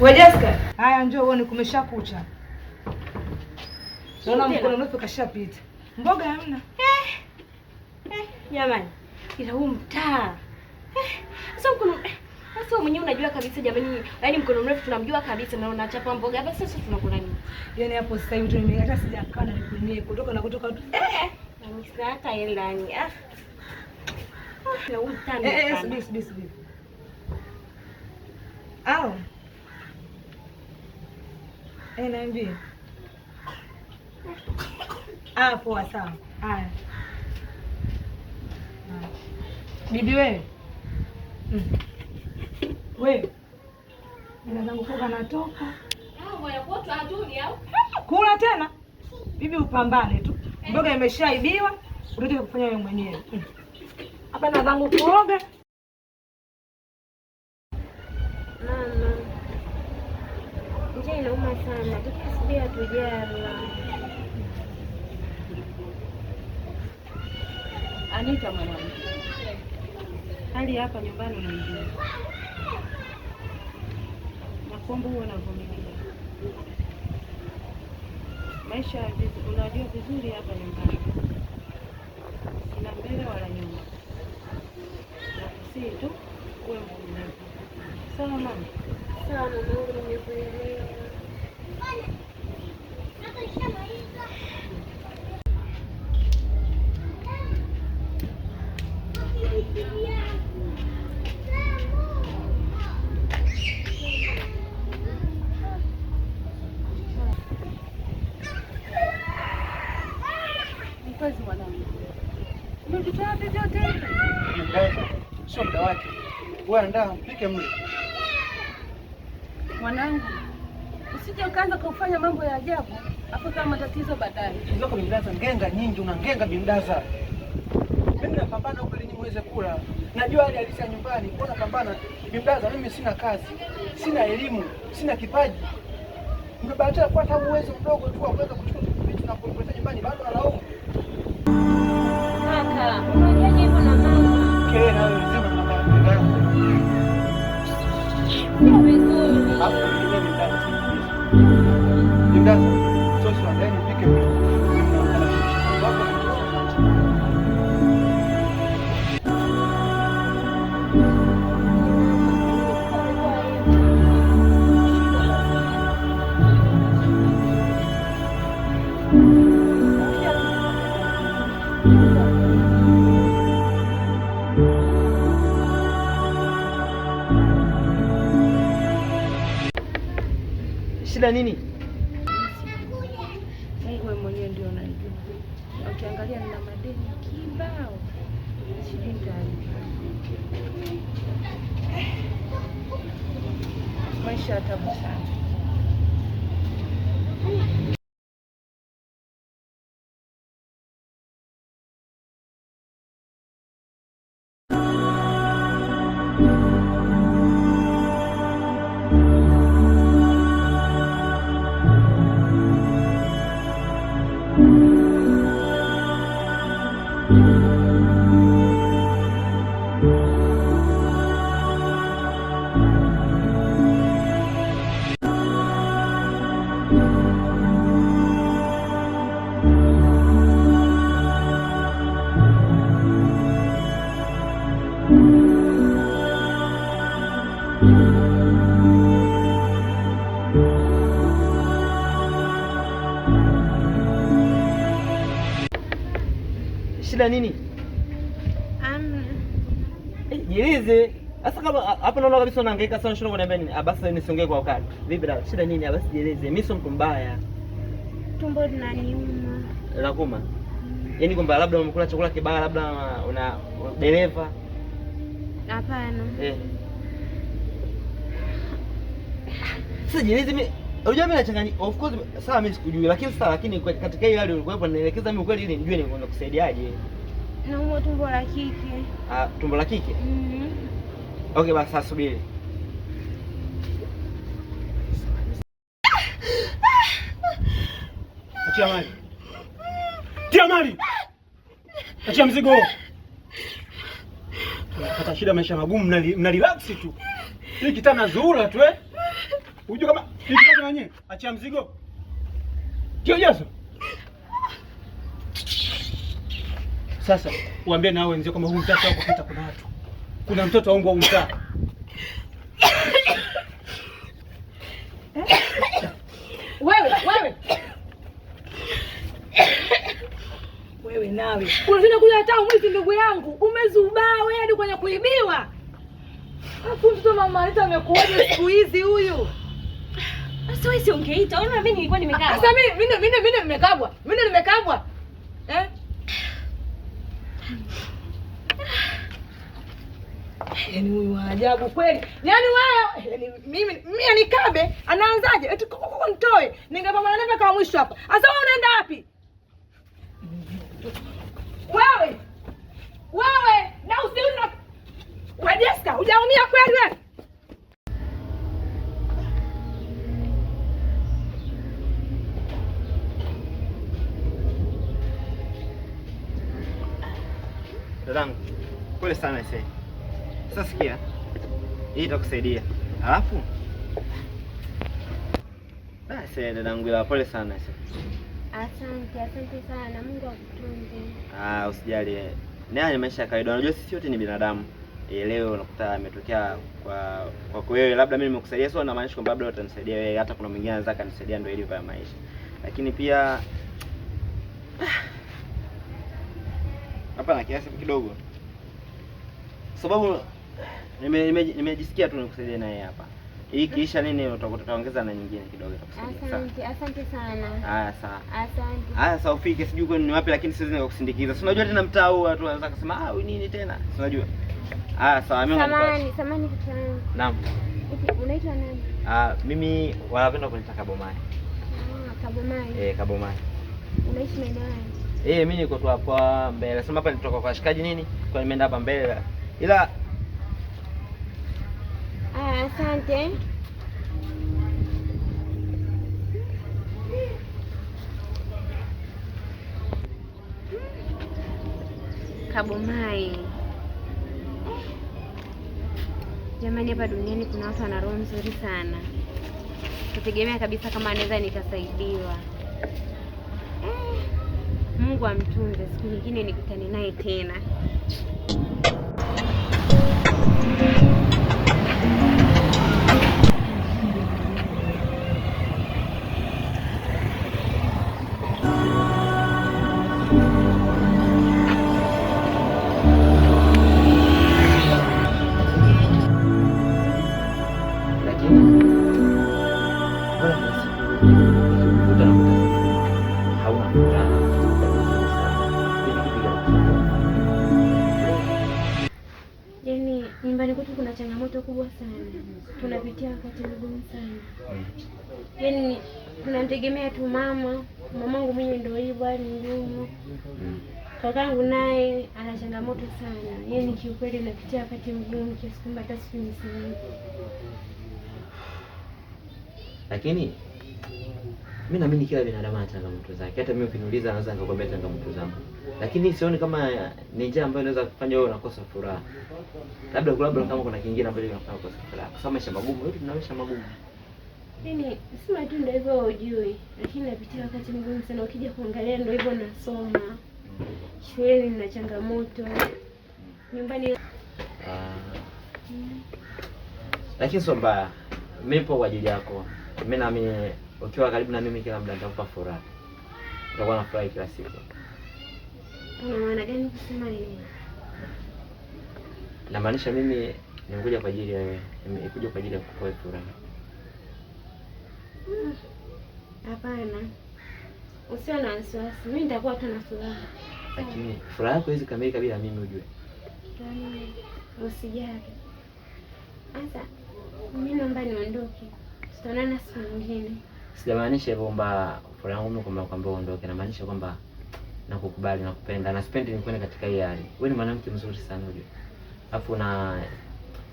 We Jessica, haya njoo uone kumesha kucha. Naona mkono nusu kashapita. Mboga hamna. Eh. Eh, jamani. Ila huu mtaa. Eh, sasa mkono eh, sasa wewe mwenyewe unajua kabisa jamani, yaani mkono mrefu tunamjua kabisa na unachapa mboga. Hapa sasa tunakula nini? Yaani hapo sasa hivi tu nimekata sijakaa na nikunyie kutoka na kutoka tu. Eh, eh. Na mimi sina hata hela ni. Ah. Ah, Na huu mtaa. Eh, eh subiri subiri subiri. Au. Eh, naambia. Ah, poa sawa. Haya. Bibi wewe. Mm. Wewe. Nina zangu kuka natoka. Kula tena. Bibi upambane tu. Mboga imeshaibiwa, urudi kufanya wewe mwenyewe. Mm. Hapa na zangu kuoga. inauma sana, tukisubia hatujala. Anita mwanamke, hali hapa nyumbani unaijua, nakuomba huwe unavumilia maisha. Unajua vizuri hapa nyumbani sina mbele wala nyuma, nakusii tu uwe mvumilivu. Sawa mama? Sawa mama. bwana, ndio mpike mle. Mwanangu, usije ukaanza kufanya mambo ya ajabu hapo, kama matatizo baadaye. Zako bimdaza ngenga nyingi, una ngenga bimdaza. Mimi napambana huko ili niweze kula. Najua hali halisi ya nyumbani, kwa napambana bimdaza. Mimi sina kazi, sina elimu, sina kipaji. Nimebahatika kwa hata uwezo mdogo tu wa kuweza kuchukua vitu na kuipeleka nyumbani, bado nalaumu. Kaka, unaje hivyo na mama? Kera, 아, 네. shida nini? Mungu wewe mwenyewe ndio unajua. Na ukiangalia nina madeni kibao. Shilingi ngapi? Maisha tabu sana. shida nini? Um... Hey, eh, jieleze. Sasa kama hapo naona kabisa unahangaika sana shule unaniambia nini? Ah, basi nisiongee kwa wakati. Vipi dada? Shida nini? Ah, basi jieleze. Mimi sio mtu mbaya. Tumbo linaniuma. Lakuma. Mm. Yaani kwamba labda umekula chakula kibaya labda una dereva. Hapana. Eh. Sasa jieleze mimi Unajua mimi nachanganya, of course sawa, mimi sikujui, lakini sasa, lakini katika hiyo hali ulikuwa hapo, mimi kweli, ili nijue ningeweza kusaidiaje. Naumwa tumbo la kike. Ah, tumbo la kike? Mhm. Mm okay, basi subiri. Achia mali. Tia mali. Achia mzigo huo. Tunapata shida, maisha magumu, mnarelax tu. Hii kitana zuura tu eh. Unajua kama nitoka nanye, acha mzigo. Kio Yesu. Sasa uambie na wenzio kwamba huu mtaa wako hata kuna watu. Kuna mtoto aongwa huu mtaa. Wewe, wewe. Wewe nawe. Unazina kula hata mwizi ndugu yangu. Umezubaa wewe hadi yaani kwenye kuibiwa. Hapo mtoto mama Anita amekuoje siku hizi huyu? Sasa wewe si ungeita. Unaona mimi nilikuwa nimekabwa. Ah, sasa mimi mimi mimi mimi nimekabwa. Mimi ndo nimekabwa. Eh? Yaani huyu wa ajabu kweli. Yaani wewe, yaani mimi mimi anikabe, anaanzaje? Eti kuku nitoe. Ningepambana naye kwa mwisho hapa. Sasa wewe unaenda wapi? Wewe. Wewe, na usiona. Kwa Jessica, hujaumia kweli wewe? dadangu, pole sana ise. Sasa sikia, hii itakusaidia. Alafu ise, ah, dadangu, ila pole sana ise. Asante, asante sana, Mungu akutunze. Ah, usijali, Naye ni maisha ya kawaida. Unajua sisi wote ni binadamu E, leo unakuta ametokea kwa kwa wewe, labda mimi nimekusaidia, sio na namaanisha kwamba labda utanisaidia wewe, hata kuna mwingine anaweza kanisaidia, ndio ilivyo ya maisha. Lakini pia hapa na kiasi kidogo, sababu nimejisikia nime, nime tu nikusaidia naye hapa. Hii kiisha nini, tutaongeza na nyingine kidogo itakusaidia. Asante, asante sana. Haya sawa, asante. Haya sawa, ufike, sijui kwani ni wapi, lakini siwezi nikakusindikiza. Si unajua tena mtaa huu watu wanaanza kusema ah, huyu nini tena, si unajua. Haya sawa, mimi samani samani, kitana. Naam, unaitwa nani? Ah, mimi wanapenda kunita Kabomani. Ah, Kabomani. Eh, Kabomani. Unaishi maeneo gani? Eh, mimi niko tu hapa mbele. Sema hapa nitoka kwa shikaji nini? Kwa nimeenda hapa mbele. Ila Ah, asante. Kabumai. Jamani, hapa duniani kuna watu wana roho nzuri sana. Kutegemea kabisa kama anaweza nikasaidiwa. Mungu amtunze, siku nyingine nikutane naye tena. kwetu kuna changamoto kubwa sana, tunapitia wakati mgumu sana, mm. yaani tunamtegemea tu mama. Mamangu mimi ndio hivyo, hali ngumu. Mm. Kakangu naye ana changamoto sana, yaani kiukweli napitia wakati mgumu kiasi kwamba hata siku lakini mimi naamini kila binadamu ana changamoto zake. Hata mimi ukiniuliza, naweza nikakwambia changamoto zangu, lakini sioni kama eh, ni njia ambayo inaweza kufanya wewe unakosa furaha. Labda labda kama kuna kingine ambacho kinakufanya ukosa furaha, kwa sababu maisha magumu, wewe tuna maisha magumu. Yaani sema tu ndio hivyo, hujui, lakini napitia wakati mgumu sana. Ukija kuangalia, ndio hivyo, nasoma shuleni, nina changamoto nyumbani, ah. lakini sio mbaya. Mimi nipo kwa ajili yako, mimi naamini ukiwa karibu na mimi kila muda nitakupa furaha, utakuwa na furaha kila siku. Maana gani kusema nini? Namaanisha mimi nimekuja kwa ajili ya wewe, nimekuja kwa ajili ya kukupa furaha. Hapana, usiwe na wasiwasi, mimi nitakuwa tu na furaha. Lakini furaha yako hizi kamilika bila mimi ujue. Yaani, usijali. Sasa mimi naomba niondoke, tutaonana siku nyingine sijamaanisha hivyo kwamba upole wangu kwamba kwamba uondoke, namaanisha kwamba nakukubali nakupenda na sipendi nikuone katika hii hali. Wewe ni mwanamke mzuri sana unajua, alafu na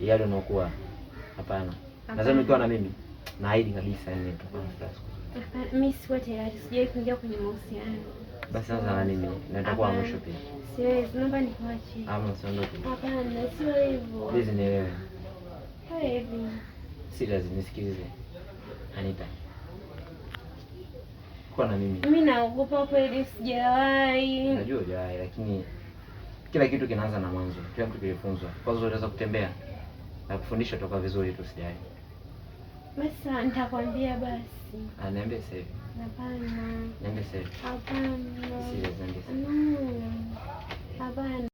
yale unaokuwa hapana, nadhani ukiwa na mimi naahidi kabisa, yani tutakuwa na furaha. Mimi siwa tayari, sijawahi kuingia kwenye mahusiano. Basi sasa na mimi na itakuwa mwisho pia. Siwezi, naomba nikuache. Ama usiondoke. Hapana, sio hivyo. Hizi ni wewe. Sio hivyo. Sasa nisikilize. Anita. Kwa na mimi. Mimi naogopa kweli sijawahi. Najua hujawahi lakini kila kitu kinaanza na mwanzo. Kila kitu kilifunzwa. Kwanza unaweza kutembea na kufundisha toka vizuri tu sijawahi. Basi nitakwambia basi. Ah, niambie sasa hivi. Hapana. Niambie sasa hivi. Hapana. Sisi niambie Hapana.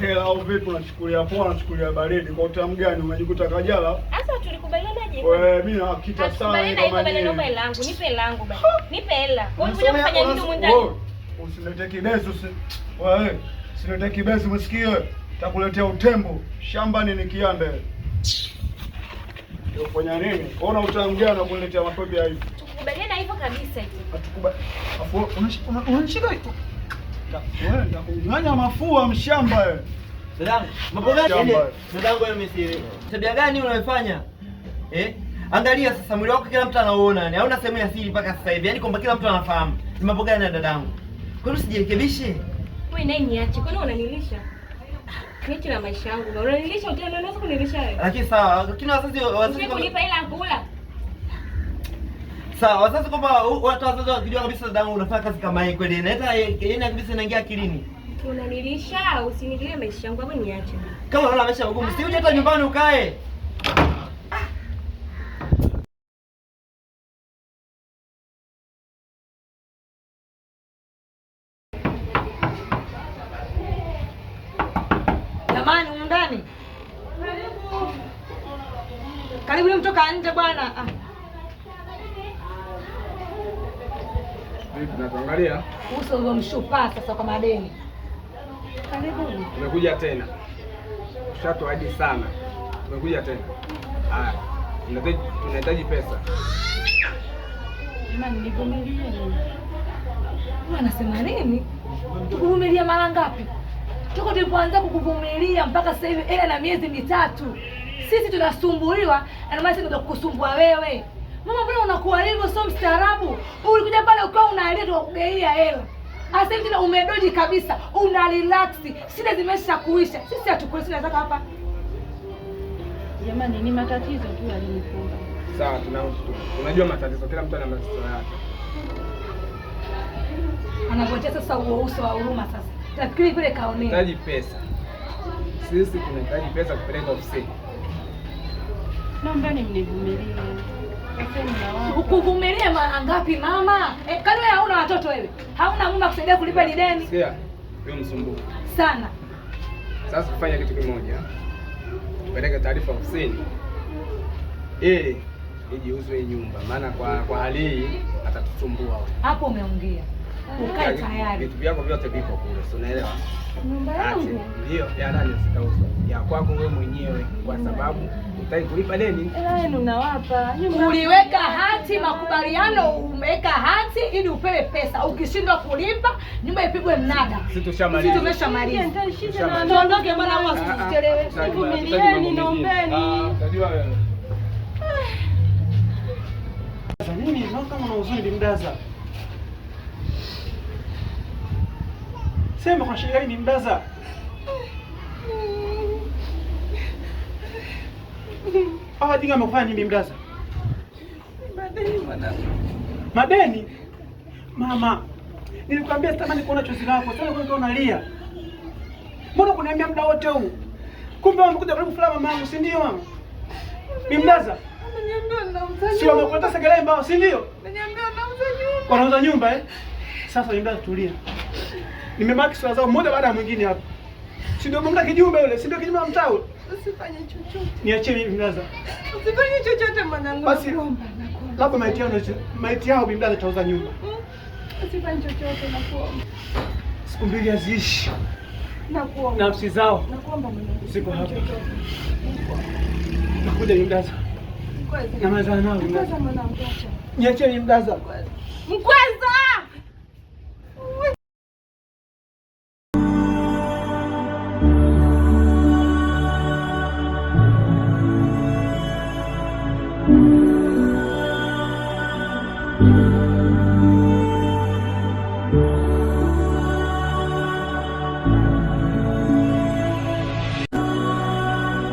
hela au vipi? Unachukulia poa, unachukulia baridi. Kwa utamu gani unajikuta kajala? Sasa tulikubalianaje? Wewe eh, mimi nakita sana hivyo bali, naomba hela yangu, nipe hela yangu bali, nipe hela. Wewe unakuja kufanya nini mwenzangu? Oh, usinilete kibezo wewe, usinilete kibezo, msikie takuletea utembo shambani ni kiande. Ufanya nini? Ona utamu gani unakuletea mapepe hivi? Tukubaliana hivyo kabisa hivi. Atukubali. Afu unashika Nganya mafua mshamba wewe. Dadangu, mambo gani ile? Yaani, dadangu wewe mimi tabia gani unaifanya? Eh? Angalia sasa mwili wako kila mtu anauona, yani hauna sehemu ya siri mpaka sasa hivi. Yaani kwamba kila mtu anafahamu. Ni mambo gani dadangu? Kwa nini usijirekebishe? Wewe nani niache? Kwa nini unanilisha? Kile na maisha yangu. Unanilisha utaniona unaweza kunilisha wewe. Lakini sawa, lakini wazazi wazazi kunipa ila kula. Sawa sasa, kwamba watu wazazi wakijua kabisa dadangu unafanya kazi kama hii kweli, na hata yeye kabisa inaingia akilini. Unanilisha usinilie maisha yangu hapo, niache. Kama unaona maisha magumu, si uje hata nyumbani ukae. mtu uliomshupaa sasa kwa madeni. Karibuni. Umekuja tena, ushatuahidi sana, umekuja tena. Haya, tunahitaji pesa. Jamani, nivumilie. Anasema nini? Tukuvumilia mara ngapi? Toka tulipoanza kukuvumilia mpaka sasa hivi ela na miezi mitatu, sisi tunasumbuliwa, na maana sisi tunakusumbua wewe. Mama, mbona unakuwa hivyo? Sio mstaarabu. Ulikuja pale ukawa unalia, kugeia hela sasa hivi umedoji kabisa, una relax, shida zimesha kuisha. Sisi hatukuleta shida zako hapa. Jamani, ni matatizo tu yalinifunga. Sawa, unajua matatizo, kila mtu ana matatizo yake. Anakuletea sasa huo uso wa huruma. Sasa nafikiri vile kaonea, unahitaji pesa, sisi tunahitaji pesa kupeleka ofisini. Naomba mnivumilie. Kuvumilia mara ngapi mama? E, eh, kani wewe hauna watoto wewe? Hauna mume kusaidia kulipa ile deni? Sikia. Wewe msumbuko. Sana. Sasa kufanya kitu kimoja. Tupeleke taarifa ofisini. Ili ijiuzwe nyumba maana kwa kwa hali hii atatusumbua. Hapo umeongea ukae tayari. Vitu vyako vyote viko kule, unaelewa? Nyumba yangu ndio ya ndani, sitauzwa ya kwako wewe mwenyewe, kwa sababu utaki kulipa deni. Unawapa, uliweka hati makubaliano, umeweka hati ili upewe pesa. Ukishindwa kulipa nyumba ipigwe mnada. Sisi tushamaliza, tumeshamaliza, tuondoke bwana, au asituchelewe. Vumilieni, naombeni. Ah, Sasa nini kama na uzuri mdaza Sema kwa shida ni mdaza? Ah, dinga amekufanya nini mdaza? Madeni mwanangu. Madeni? Mama, nilikwambia sitamani kuona chozi lako. Sasa unakuwa unalia. Mbona kuniambia muda wote huu? Kumbe wamekuja karibu fulani mamangu, si ndio mama? Mimdaza? Si wamekuleta Segerea mbao, si ndio? Wanauza nyumba eh? Sasa mimdaza, tulia nimemaki sura zao moja baada ya mwingine hapa. Si ndio mnga kijumbe yule, si ndio kijumbe wa mtaa? Usifanye chochote. Niachie mimi mlaza. Usifanye chochote mwanangu. Basi naomba nakuomba. Labda maiti yao maiti yao bibi mlaza tauza nyumba. Hmm? Usifanye chochote na kuomba. Siku mbili aziishi. Nakuomba. Nafsi zao. Na kuomba mwanangu. Siko hapa. Nakuja mlaza. Mkweza. Na mazana nao. Mkweza mwanangu acha. Niachie mimi mlaza. Mkwaza.